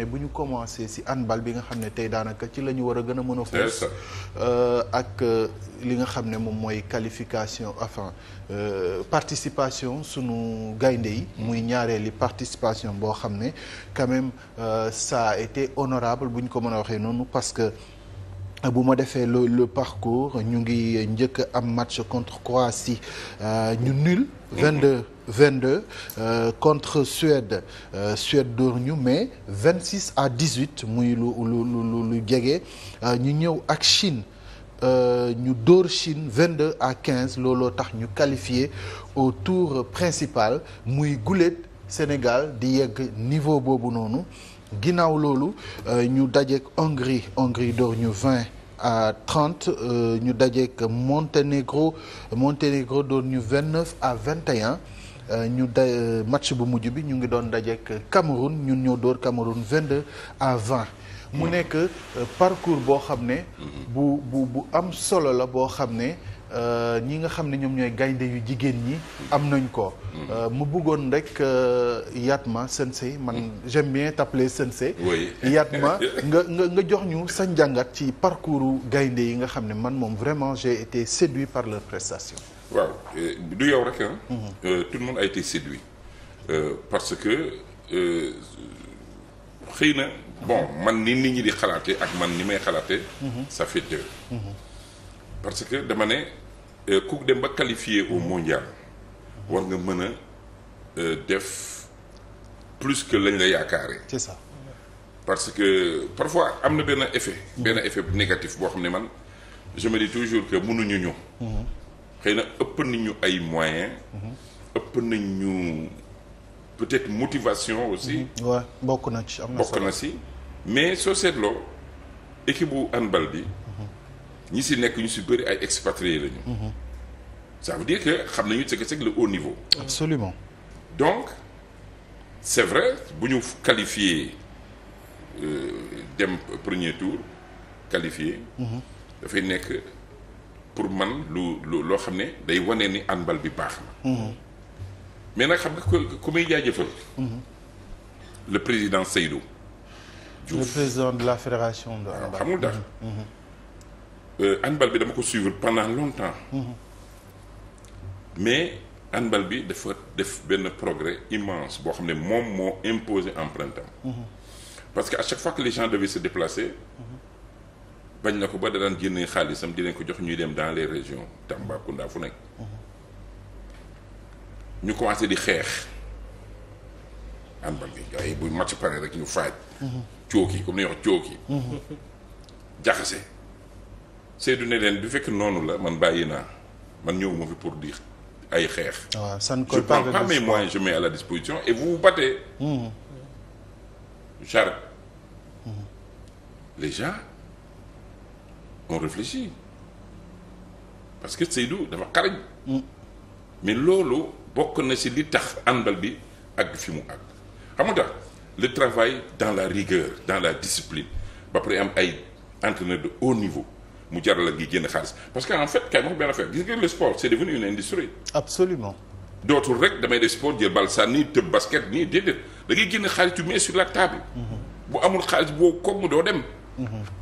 mais bu ñu commencé si handball bi nga xam ne tey daanaka ci la ñu war a gën a mën a fës euh, ak euh, li nga xam ne moom mooy qualification enfin euh, participation sunu gaynde yi muy ñaareeli participation boo xam ne quand même ça a été honorable bu ñu ko mën a waxee noonu parce que bu ma defee le le parcours ñu ngi njëkk am match contre Croatie euh, ñu nul. 22 22 euh, contre Suède euh, Suède dóor ñu mais 26 à 18 muy lu lu lu lu jege euh, ñu ñëw ak Chine euh, ñu dóor Chine 22 à 15 looloo tax ñu qualifié au tour principal muy guléet. Sénégal di yegg niveau boobu noonu ginnaaw loolu euh, ñu dajeek Hongrie Hongrie door ñu 20 à 30 euh, ñu dajeek Monténégro Monténégro door ñu 29 à 21 euh, ñu da match bu mujj bi ñu ngi doon dajeek Cameroun ñun ñoo door Cameroun 22 à 20. mu nekk parcours boo xam ne. Mm-hmm. bu bu bu am solo la boo xam ne. Euh, ñi nga xam ne ñoom ñooy gaynde yu jigéen ñi am nañ ko mm. euh, mu bëggoon rek yaat euh, Yatma Sensei man mm. j'aime bien t'appeler Sensei Yatma nga nga nga jox ñu sañ njàngat ci parcours gaynde yi nga xam ne man moom vraiment j'ai été séduit par leur prestation waaw yow rek ah tout le monde a parce que xëy na bon man ni li ñi di xalaate ak man ni may xalaate mm-hmm. ça fait deux mm-hmm. parce que dama ne euh, ku dem ba qualifié au mondial war nga mën a euh, def plus que lañ la yaakaaree. c'est ça. parce que parfois am na benn effet. benn effet négatif boo xam ne man je me dis toujours que mënuñu ñu. xëy na ëpp nañu ay moyens. ëpp ñu peut-être motivation aussi. Mhm. bokk na ci am na bokk na si mais soo seetloo équipe bu handball bi. ñi si nekk ñu si bëri ay expatriés lañu. Mhm. ça veut dire que xam nañu ce que c'est que le niveau. absolument donc c'est vrai bu ñu qualifié euh, dem premier tour qualifié. Mhm. dafay nekk pour man lu lu loo xam ne day wane ni handball bi baax na. Mhm. mais nag xam nga ku ku muy jaajëfal. le président Seydou Diouf le président de la fédération de handball. Ah, xamul dara. Euh, handball bi dama ko suivre pendant longtemps. Mm-hmm. mais handball bi dafa def benn progrès immense boo xam ne moom moo imposer empreinte am. Mm-hmm. parce que à chaque fois que les gens devaient se déplacer. Mm-hmm. bañ na ko ba da daan génne xaalisam dinañ ko jox ñuy dem dans les régions Tambacounda fu nekk. ñu commencé di xeex. handball bi waaye bu match pare rek ñu faaj. cooki comme ni ñuy cooki. jaxase. Seydou ne leen du fekk noonu la man bàyyi naa man ñëwuma fi pour di ay xeex. waaw ah, ça ne colle pas avec je prends pas mes moyens je mets à la disposition et vous vous battez. Charles. Hmm. Hmm. les gens ont réfléchi parce que Seydou dafa xarañ. Hmm. mais loolu bokk na si li tax àndal bi ak fi mu àgg xam nga le travail dans la rigueur dans la discipline ba pare am ay entraîneur de haut niveau. mu jar la ngi génn xaalis parce que en fait kay wax benn affaire gis nga le sport c'est devenu une industrie. absolument. dootul rek damay def sport jël bal sànni tëb basket nii déedéet da ngay génn xaalis tu mets sur la mhm. bu amul xaalis boo koom doo dem. Mhm.